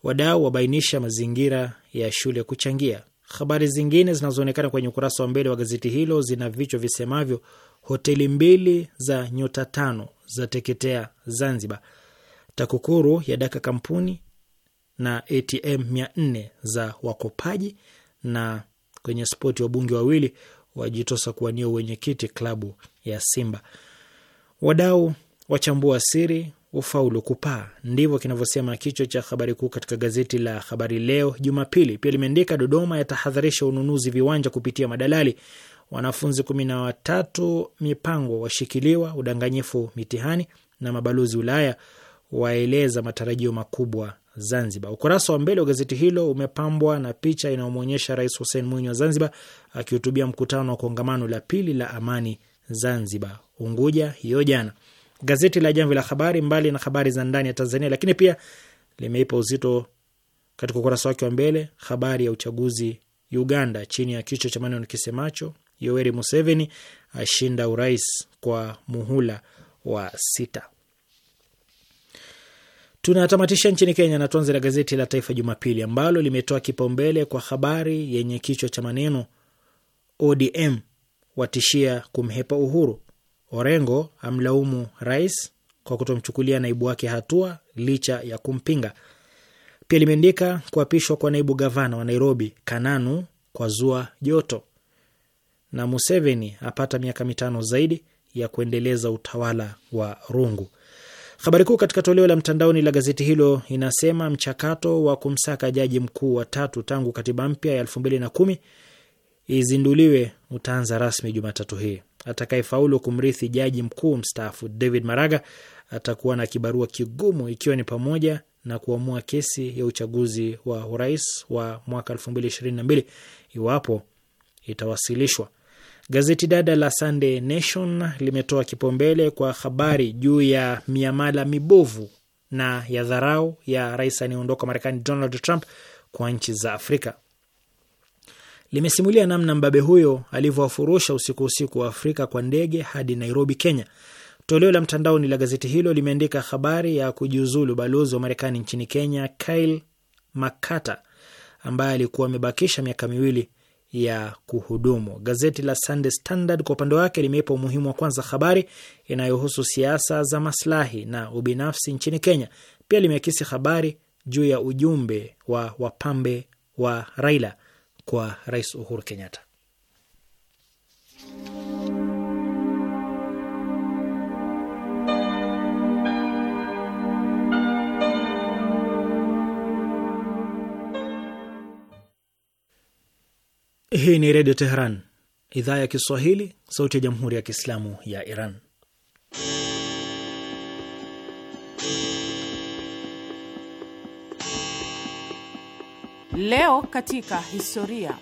S2: wadau wabainisha mazingira ya shule kuchangia. Habari zingine zinazoonekana kwenye ukurasa wa mbele wa gazeti hilo zina vichwa visemavyo hoteli mbili za nyota tano za teketea Zanzibar, TAKUKURU ya daka kampuni na ATM 400 za wakopaji, na kwenye spoti wabunge wawili wajitosa kuwania uwenyekiti klabu ya Simba. Wadau wachambua siri ufaulu kupaa, ndivyo kinavyosema kichwa cha habari kuu katika gazeti la Habari Leo Jumapili. Pia limeandika Dodoma yatahadharisha ununuzi viwanja kupitia madalali, wanafunzi kumi na watatu mipango washikiliwa udanganyifu mitihani, na mabalozi Ulaya waeleza matarajio makubwa Zanzibar. Ukurasa wa mbele wa gazeti hilo umepambwa na picha inayomwonyesha Rais Hussein Mwinyi wa Zanzibar akihutubia mkutano wa kongamano la pili la amani Zanzibar Unguja hiyo jana. Gazeti la Jamvi la Habari, mbali na habari za ndani ya Tanzania, lakini pia limeipa uzito katika ukurasa wake wa mbele habari ya uchaguzi Uganda chini ya kichwa cha maneno kisemacho Yoweri Museveni ashinda urais kwa muhula wa sita. Tunatamatisha nchini Kenya na tuanze na gazeti la Taifa Jumapili ambalo limetoa kipaumbele kwa habari yenye kichwa cha maneno ODM watishia kumhepa Uhuru, Orengo amlaumu rais kwa kutomchukulia naibu wake hatua licha ya kumpinga. Pia limeandika kuapishwa kwa naibu gavana wa Nairobi Kananu kwa zua joto, na Museveni apata miaka mitano zaidi ya kuendeleza utawala wa rungu. Habari kuu katika toleo la mtandaoni la gazeti hilo inasema mchakato wa kumsaka jaji mkuu wa tatu tangu katiba mpya ya elfu mbili na kumi izinduliwe utaanza rasmi Jumatatu hii. Atakayefaulu kumrithi jaji mkuu mstaafu David Maraga atakuwa na kibarua kigumu, ikiwa ni pamoja na kuamua kesi ya uchaguzi wa urais wa mwaka elfu mbili ishirini na mbili iwapo itawasilishwa. Gazeti dada la Sunday Nation limetoa kipaumbele kwa habari juu ya miamala mibovu na ya dharau ya rais anayeondoka Marekani Donald Trump kwa nchi za Afrika. Limesimulia namna mbabe huyo alivyowafurusha usiku usiku wa Afrika kwa ndege hadi Nairobi, Kenya. Toleo la mtandaoni la gazeti hilo limeandika habari ya kujiuzulu balozi wa Marekani nchini Kenya Kyle Makata ambaye alikuwa amebakisha miaka miwili ya kuhudumu. Gazeti la Sunday Standard kwa upande wake limeipa umuhimu wa kwanza habari inayohusu siasa za maslahi na ubinafsi nchini Kenya. Pia limeakisi habari juu ya ujumbe wa wapambe wa Raila kwa Rais Uhuru Kenyatta. Hii ni Redio Teheran, idhaa ya Kiswahili, sauti ya Jamhuri ya Kiislamu ya Iran.
S3: Leo katika historia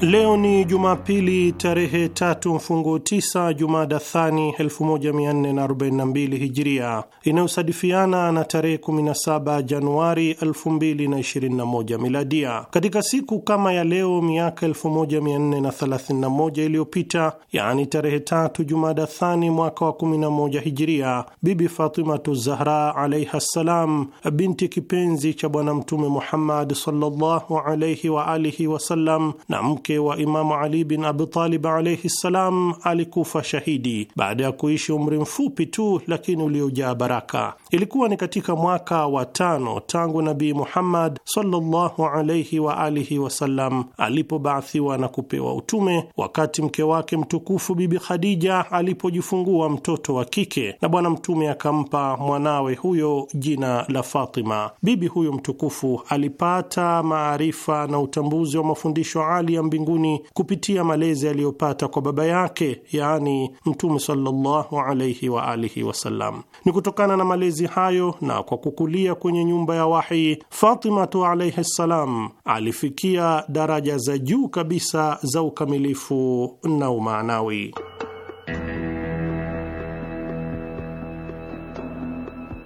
S4: Leo ni Jumapili tarehe tatu mfungo tisa Jumada Thani 1442 Hijiria inayosadifiana na tarehe 17 Januari 2021 Miladia. Katika siku kama ya leo miaka 1431 iliyopita, yaani tarehe tatu Jumada Thani mwaka wa 11 Hijiria, Bibi Fatimatu Zahra alaiha ssalam, binti kipenzi cha Bwana Mtume Muhammad sallallahu alaihi wasallam na mke mke wa Imamu Ali bin Abi Talib alaihi ssalam alikufa shahidi baada ya kuishi umri mfupi tu, lakini uliojaa baraka. Ilikuwa ni katika mwaka wa tano tangu Nabii Muhammad sallallahu alaihi wa alihi wasallam alipobaathiwa na kupewa utume, wakati mke wake mtukufu Bibi Khadija alipojifungua mtoto wa kike, na Bwana Mtume akampa mwanawe huyo jina la Fatima. Bibi huyo mtukufu alipata maarifa na utambuzi wa mafundisho ali ya mbinguni kupitia malezi aliyopata kwa baba yake, yaani Mtume sallallahu alaihi wa alihi wasallam. Ni kutokana na malezi hayo na kwa kukulia kwenye nyumba ya wahi, Fatimatu alaihi ssalam alifikia daraja za juu kabisa za ukamilifu na umaanawi.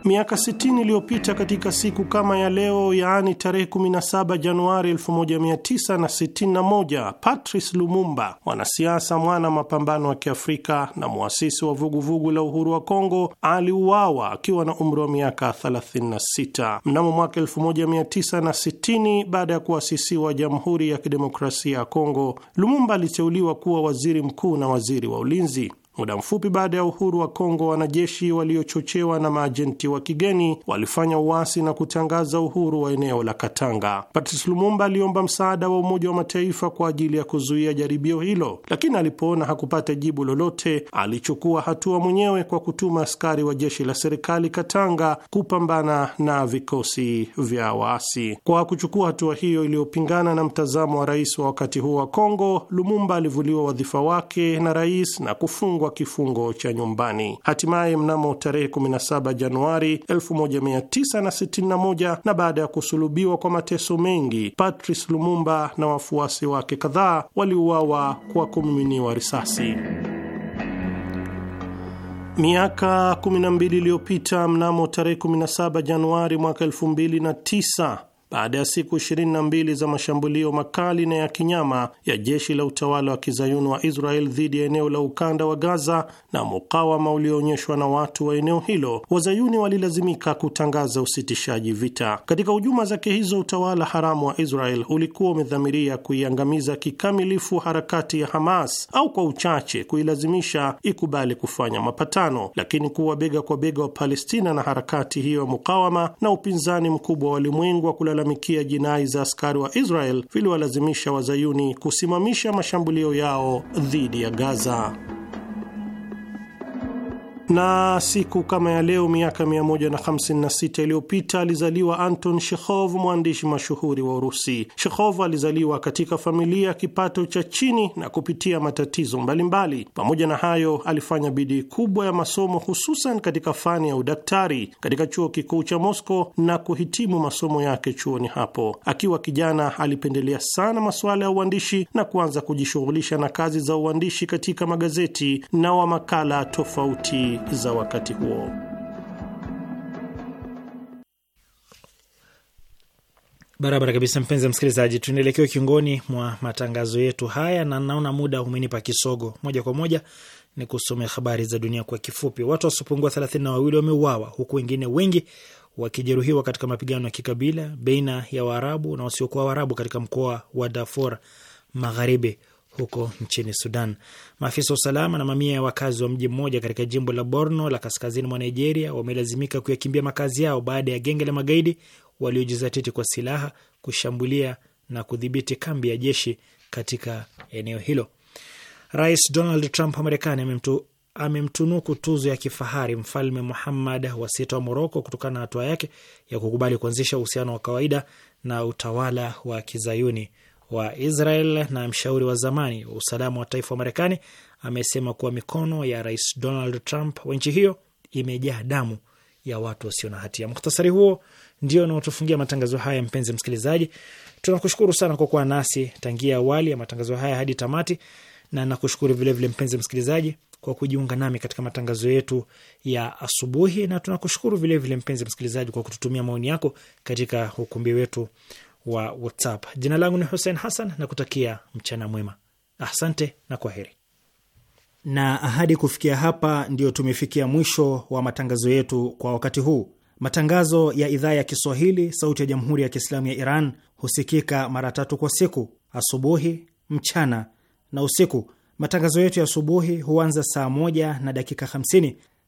S4: Miaka 60 iliyopita katika siku kama ya leo, yaani tarehe 17 Januari 1961, Patrice Lumumba, mwanasiasa mwana mapambano ya Kiafrika na muasisi wa vuguvugu vugu la uhuru wa Kongo, aliuawa akiwa na umri wa miaka 36. Mnamo mwaka 1960, baada ya kuasisiwa Jamhuri ya Kidemokrasia ya Kongo, Lumumba aliteuliwa kuwa waziri mkuu na waziri wa ulinzi. Muda mfupi baada ya uhuru wa Kongo, wanajeshi waliochochewa na maajenti wa kigeni walifanya uasi na kutangaza uhuru wa eneo la Katanga. Patrice Lumumba aliomba msaada wa Umoja wa Mataifa kwa ajili ya kuzuia jaribio hilo, lakini alipoona hakupata jibu lolote, alichukua hatua mwenyewe kwa kutuma askari wa jeshi la serikali Katanga kupambana na vikosi vya waasi. Kwa kuchukua hatua hiyo iliyopingana na mtazamo wa rais wa wakati huo wa Kongo, Lumumba alivuliwa wadhifa wake na rais na kufungwa kufungwa kifungo cha nyumbani. Hatimaye mnamo tarehe 17 Januari 1961 na, na baada ya kusulubiwa kwa mateso mengi, Patrice Lumumba na wafuasi wake kadhaa waliuawa kwa kumiminiwa risasi. Miaka 12 iliyopita mnamo tarehe 17 Januari mwaka 2009 baada ya siku 22 za mashambulio makali na ya kinyama ya jeshi la utawala wa kizayuni wa Israel dhidi ya eneo la ukanda wa Gaza na mukawama ulioonyeshwa na watu wa eneo hilo, wazayuni walilazimika kutangaza usitishaji vita. Katika hujuma zake hizo, utawala haramu wa Israel ulikuwa umedhamiria kuiangamiza kikamilifu harakati ya Hamas au kwa uchache kuilazimisha ikubali kufanya mapatano, lakini kuwa bega kwa bega wa Palestina na harakati hiyo ya mukawama na upinzani mkubwa wa ulimwengu wa kulala kulalamikia jinai za askari wa Israel viliwalazimisha wazayuni kusimamisha mashambulio yao dhidi ya Gaza. Na siku kama ya leo miaka 156 iliyopita alizaliwa Anton Chekhov, mwandishi mashuhuri wa Urusi. Chekhov alizaliwa katika familia ya kipato cha chini na kupitia matatizo mbalimbali. Pamoja na hayo, alifanya bidii kubwa ya masomo, hususan katika fani ya udaktari katika chuo kikuu cha Moscow na kuhitimu masomo yake chuoni hapo. Akiwa kijana, alipendelea sana masuala ya uandishi na kuanza kujishughulisha na kazi za uandishi katika magazeti na wa makala tofauti za wakati huo.
S2: Barabara kabisa, mpenzi msikilizaji, tunaelekea kiongoni mwa matangazo yetu haya, na naona muda umenipa kisogo. Moja kwa moja ni kusomea habari za dunia kwa kifupi. Watu wasiopungua thelathini na wawili wameuawa huku wengine wengi wakijeruhiwa katika mapigano ya kikabila baina ya Waarabu na wasiokuwa Waarabu katika mkoa wa Darfur Magharibi huko nchini Sudan. Maafisa wa usalama na mamia ya wakazi wa mji mmoja katika jimbo la Borno la kaskazini mwa Nigeria wamelazimika kuyakimbia makazi yao baada ya genge la magaidi waliojizatiti kwa silaha kushambulia na kudhibiti kambi ya jeshi katika eneo hilo. Rais Donald Trump wa Marekani amemtunuku tuzo ya kifahari Mfalme Muhammad wa sita wa Moroko kutokana na hatua yake ya kukubali kuanzisha uhusiano wa kawaida na utawala wa kizayuni wa Israel na mshauri wa zamani wa usalama wa taifa wa Marekani amesema kuwa mikono ya Rais Donald Trump wa nchi hiyo imejaa damu ya watu wasio na hatia. Mukhtasari huo ndio unaotufungia matangazo haya. Mpenzi msikilizaji, tunakushukuru sana kwa kuwa nasi tangia awali ya matangazo haya hadi tamati, na nakushukuru vilevile mpenzi msikilizaji kwa kujiunga nami katika matangazo yetu ya asubuhi, na tunakushukuru vilevile mpenzi msikilizaji kwa kututumia maoni yako katika ukumbi wetu wa WhatsApp. Jina langu ni Hussein Hassan na kutakia mchana mwema, asante na kwaheri. Na ahadi kufikia hapa, ndiyo tumefikia mwisho wa matangazo yetu kwa wakati huu. Matangazo ya idhaa ya Kiswahili sauti ya jamhuri ya Kiislamu ya Iran husikika mara tatu kwa siku: asubuhi, mchana na usiku. Matangazo yetu ya asubuhi huanza saa moja na dakika 50